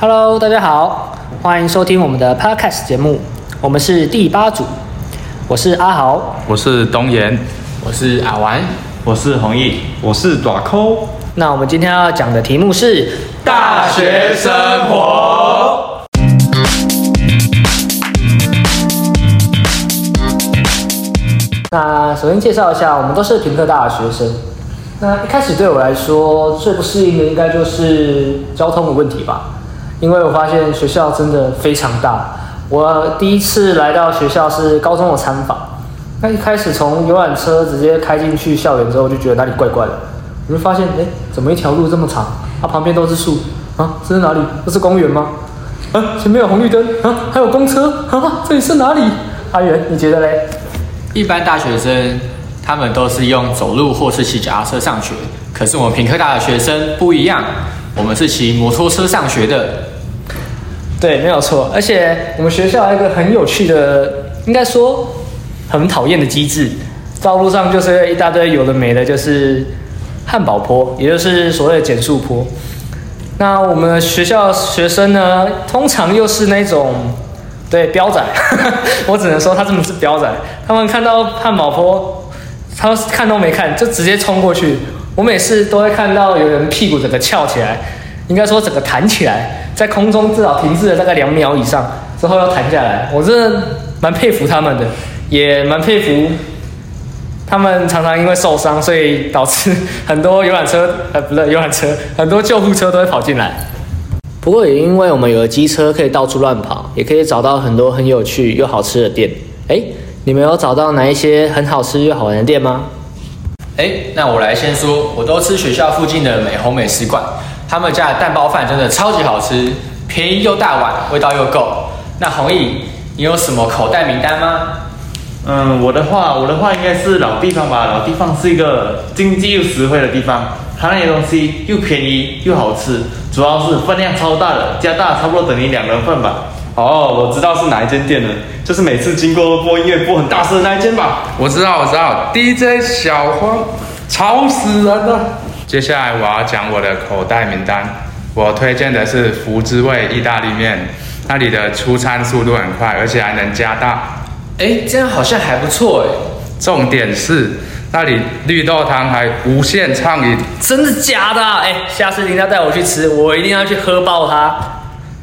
Hello，大家好，歡迎收聽我們的 podcast 節目。我們是第八組，我是阿豪，我是東炎，我是阿源，我是弘逸，我是大摳。那我們今天要講的題目是大學生活。生活。那首先介紹一下，我們都是屏科大的學生。那一開始對我來說最不適應的，應該就是交通的問題吧。因為我發現學校真的非常大。我第一次來到學校是高中的參訪，那一開始從遊覽車直接開進去校園之後，就覺得哪裡怪怪的。我就發現，哎，怎麼一條路這麼長？它、啊、旁邊都是樹啊，這是哪裡？這是公園嗎？啊，前面有紅綠燈啊，還有公車，哈、啊、哈，這裡是哪裡？阿、啊、源，你覺得嘞？一般大學生他們都是用走路或是騎腳踏車上學，可是我們屏科大的學生不一樣，我們是騎摩托車上學的。對，沒有錯。而且我們學校還有一個很有趣的，應該說很討厭的機制，道路上就是一大堆有的沒的，就是漢堡坡，也就是所謂的減速坡。那我們學校學生呢，通常又是那種對飆仔呵呵，我只能說他真的是飆仔。他們看到漢堡坡，他都看都沒看，就直接衝過去。我每次都會看到有人屁股整個翹起來，應該說整個彈起來。在空中至少停滯了大概兩秒以上，之後又彈下來。我真蠻佩服他們的，也蠻佩服他們常常因為受傷，所以導致很多遊覽車，呃、啊，不對，遊覽車很多救護車都會跑進來。不過也因為我們有了機車可以到處亂跑，也可以找到很多很有趣又好吃的店。哎、欸，你們有找到哪一些很好吃又好玩的店嗎？哎、欸，那我來先說，我都吃學校附近的美紅美食館。他們家的蛋包飯真的超級好吃，便宜又大碗，味道又夠。那弘逸，你有什麼口袋名單嗎？嗯，我的話，我的話應該是老地方吧。老地方是一個經濟又實惠的地方，它那些東西又便宜又好吃，主要是分量超大的。加大差不多等於兩人份吧。哦，我知道是哪一間店了，就是每次經過都播音樂、播很大聲的那一間吧。我知道，我知道，DJ 小黃，吵死人了。接下來我要講我的口袋名單，我推薦的是福之味意大利麵，那裡的出餐速度很快，而且還能加大。哎、欸，這樣好像還不錯哎、欸。重點是那裡綠豆湯還無限暢飲，真的假的？哎、欸，下次您要帶我去吃，我一定要去喝爆它。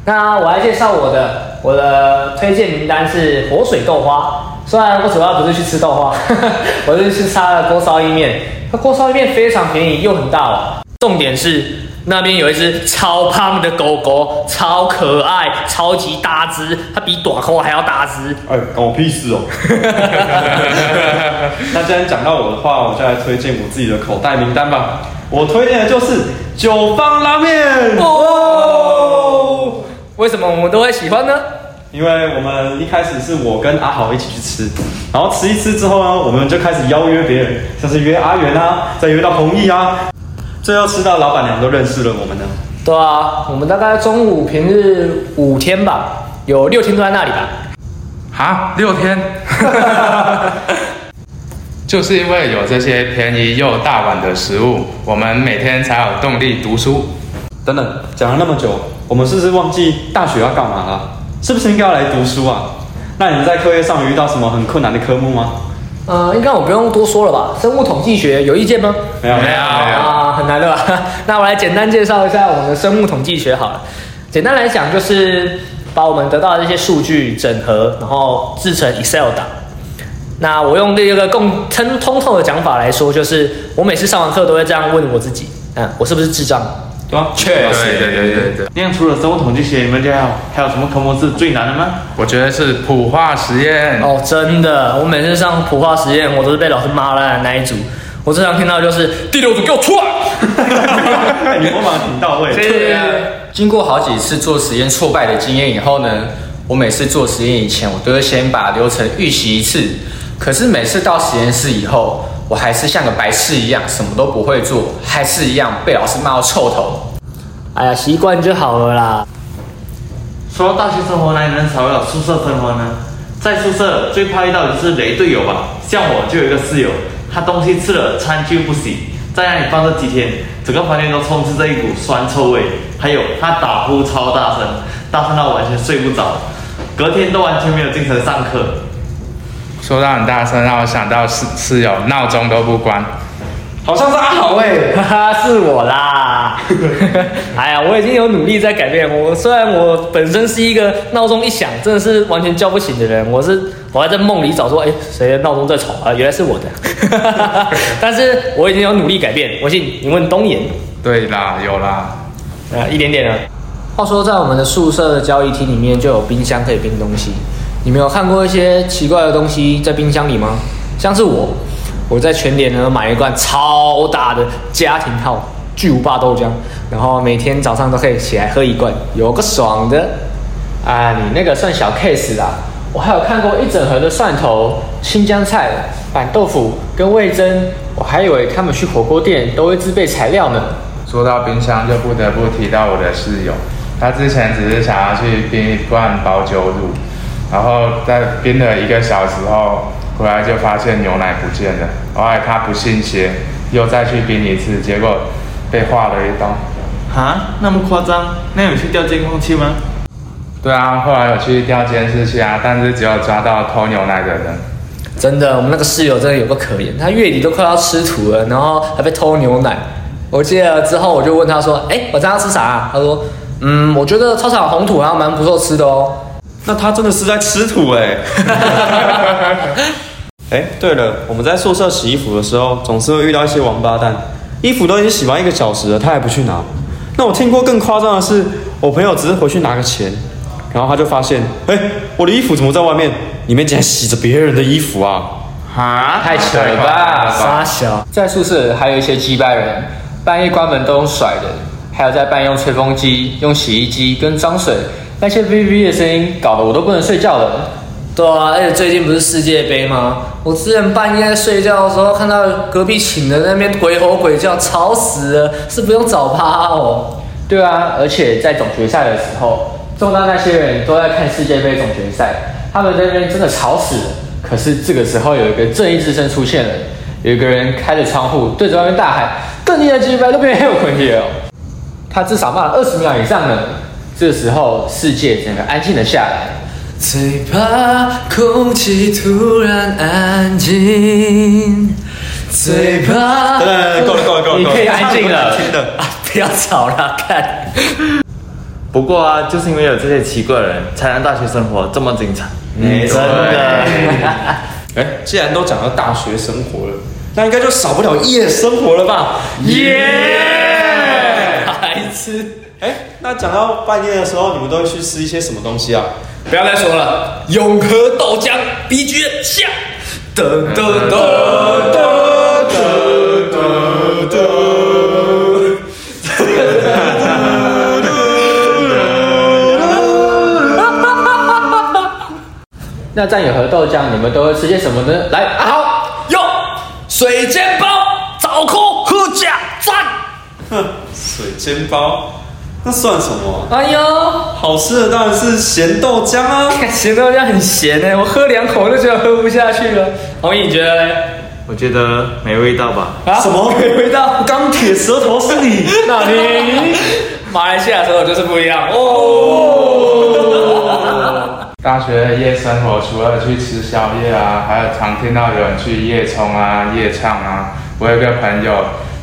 那我來介紹我的，我的推薦名單是活水豆花。雖然我主要不是去吃豆花，哈哈，我就是去吃它的鍋燒意麵。那鍋燒一面非常便宜又很大碗，重點是那邊有一隻超胖的狗狗，超可愛，超級大隻，它比短褲還要大隻。哎，狗屁事哦！那既然講到我的話，我就來推薦我自己的口袋名單吧。我推薦的就是九方拉麵哦，哦。喔、為什麼我們都會喜歡呢？因為我們一開始是我跟阿豪一起去吃，然後吃一吃之後呢，我們就開始邀約別人，像是約阿元啊，再約到弘逸啊，最後吃到老闆娘都認識了我們呢。對啊，我們大概中午平日五天吧，有六天都在那裡吧。啊，六天， 就是因為有這些便宜又大碗的食物，我們每天才有動力讀書。等等，講了那麼久，我們是不是忘記大學要幹嘛了？是不是應該要來讀書啊？那你在課業上有遇到什麼很困難的科目嗎？呃，應該我不用多說了吧。生物統計學有意見嗎？沒有，沒有，沒有啊、呃，很難的吧？ 那我來簡單介紹一下我們的生物統計學好了。簡單來講，就是把我們得到的這些數據整合，然後制成 Excel 檔。那我用另一個更通通透的講法來說，就是我每次上完課都會這樣問我自己：嗯、呃，我是不是智障？對啊、確實，對，對對對對對。那樣除了生物統計學，你們還有還有什麼科目是最難的嗎？我覺得是普化實驗。哦，真的，我每次上普化實驗，我都是被老師罵爛的那一組。我經常聽到就是第六組給我出來。 你模仿挺到位。對呀、啊。經過好幾次做實驗挫敗的經驗以後呢，我每次做實驗以前，我都會先把流程預習一次。可是每次到實驗室以後。我還是像個白痴一樣，什麼都不會做，還是一樣被老師罵到臭頭。哎呀，習慣就好了啦。說到大學生活，哪裡能少了宿舍生活呢？在宿舍最怕遇到的是雷隊友吧？像我就有一個室友，他東西吃了餐具不洗，在那裡放了幾天，整個房間都充斥着一股酸臭味。還有他打呼超大聲，大聲到完全睡不着，隔天都完全沒有精神上課。說到很大聲，讓我想到室室友鬧鐘都不關，好像是阿豪哎，哈、啊、哈， 是我啦， 哎呀，我已經有努力在改變。我雖然我本身是一個鬧鐘一響真的是完全叫不醒的人，我是我還在夢裡找說，哎，誰的鬧鐘在吵啊、呃？原來是我的，哈哈哈。但是我已經有努力改變，我信。你問東炎對啦，有啦，啊、一點點了。話說在我們的宿舍的交易廳裡面就有冰箱可以冰東西。你們有看過一些奇怪的東西在冰箱裡嗎？像是我，我在全聯呢買一罐超大的家庭號巨無霸豆漿，然後每天早上都可以起來喝一罐，有個爽的。啊，你那個算小 case 啦。我還有看過一整盒的蒜頭、青江菜、板豆腐跟味噌，我還以為他們去火鍋店都會自備材料呢。說到冰箱，就不得不提到我的室友，他之前只是想要去冰一罐保久乳。然後在冰了一個小時後，回來就發現牛奶不見了。後來他不信邪，又再去冰一次，結果被劃了一刀。哈，那麼誇張？那你去調監控器嗎？對啊，後來我去調監視器啊，但是只有抓到偷牛奶的人。真的，我們那個室友真的有夠可憐，他月底都快要吃土了，然後還被偷牛奶。我記得之後我就問他說：“哎，我今天吃啥啊？”他說：“嗯，我覺得操場紅土好像蠻不錯吃的哦。”那他真的是在吃土哎！哎，對了，我們在宿舍洗衣服的時候，總是會遇到一些王八蛋，衣服都已經洗完一個小時了，他還不去拿。那我聽過更誇張的是，我朋友只是回去拿個錢，然後他就發現，哎，我的衣服怎麼在外面？裡面竟然洗着別人的衣服啊！啊哈，太扯了吧！三小。在宿舍還有一些機掰人，半夜關門都用甩的，還有在半夜用吹風機、用洗衣機跟髒水。那些嗶嗶的聲音搞得我都不能睡覺了。對啊，而且最近不是世界盃嗎？我之前半夜睡覺的時候，看到隔壁寢的那邊鬼吼鬼叫，吵死了，是不用早八哦。對啊，而且在總決賽的時候，重大那些人都在看世界盃總決賽，他們在那邊真的吵死了。可是這個時候有一個正義之聲出現了，有一個人開着窗戶對着外面大喊：正義的世界盃路邊也有問題哦。他至少罵了二十秒以上呢。這個時候，世界整個安靜了下來了。最怕空氣突然安靜，最怕……夠了夠了夠了，你可以安靜了。的、啊，不要吵了。看，不過啊，就是因為有這些奇怪的人，才讓大學生活這麼精彩。 嗯，真的。哎，既然都講到大學生活了，那應該就少不了夜生活了吧？夜 Yeah! Yeah!，孩子。哎、欸，那講到半夜的時候，你們都會去吃一些什麼東西啊？不要再說了，永和豆漿。BGM 下，噔噔噔噔噔噔哈哈哈哈哈哈。 那在永和豆漿，你們都會吃些什麼呢？來，阿豪，用水煎包，找空，護甲戰，哼，水煎包。那算什麼、啊？哎呦，好吃的當然是鹹豆漿啊！鹹豆漿很鹹哎、欸，我喝兩口我就覺得喝不下去了。弘逸你覺得呢？我覺得沒味道吧？啊？什麼沒味道？鋼鐵舌頭是你？那你 馬來西亞舌頭就是不一樣哦！ 大學夜生活除了去吃宵夜啊，還有常聽到有人去夜衝啊、夜唱啊。我有個朋友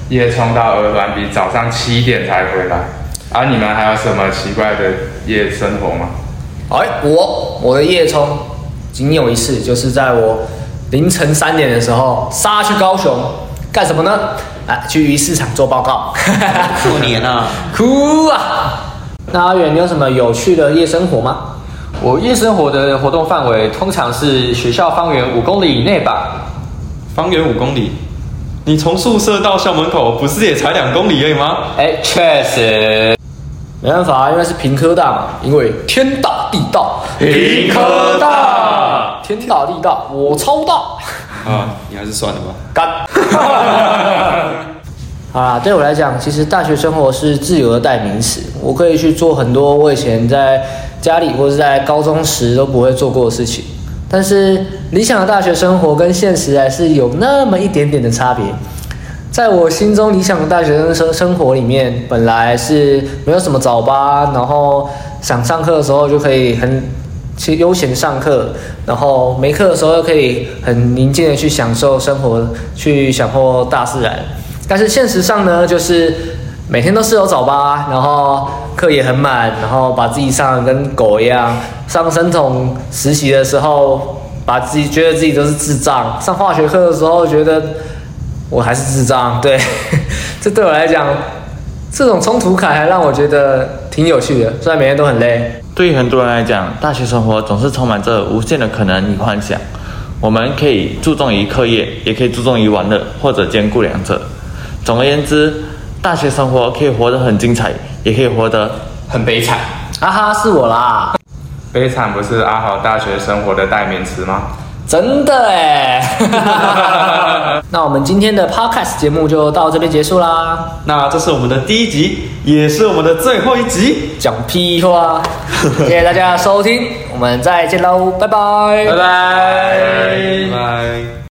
夜衝到鵝鑾鼻早上七點才回來。啊，你們還有什麼奇怪的夜生活嗎？哎、欸，我我的夜衝僅有一次，就是在我凌晨三點的時候殺去高雄。幹什麼呢？啊，去魚市場做報告。 過年了、啊，哭啊！那阿源，你有什麼有趣的夜生活嗎？我夜生活的活動範圍通常是學校方圓五公里以內吧。方圓五公里，你從宿舍到校門口不是也才兩公里而已嗎？哎、欸，確實。沒辦法，因為是屏科大嘛，因為天大地大，屏科大，天大地大，我超大啊、哦！你還是算了吧，幹。 好啦，對我來講，其實大學生活是自由的代名詞，我可以去做很多我以前在家裡或者是在高中時都不會做過的事情。但是理想的大學生活跟現實還是有那麼一點點的差別。在我心中理想的大學生生生活裡面，本來是沒有什麼早八，然後想上課的時候就可以很悠閒上課，然後沒課的時候又可以很寧靜的去享受生活，去享受大自然。但是現實上呢，就是每天都是有早八，然後課也很滿，然後把自己上得跟狗一樣，上生統實習的時候，把自己覺得自己都是智障，上化學課的時候覺得。我還是智障，對，這 對我來講，這種衝突感還讓我覺得挺有趣的，雖然每天都很累。對於很多人來講，大學生活總是充滿着無限的可能與幻想。我們可以注重於課業，也可以注重於玩樂，或者兼顧兩者。總而言之，大學生活可以活得很精彩，也可以活得很悲慘。啊哈，是我啦！悲慘不是阿豪大學生活的代名詞嗎？真的哎！ 那我們今天的 podcast 節目就到這邊結束啦。那這是我們的第一集，也是我們的最後一集，講屁話。 謝謝大家收聽，我們再見嘍，拜拜，拜拜，拜。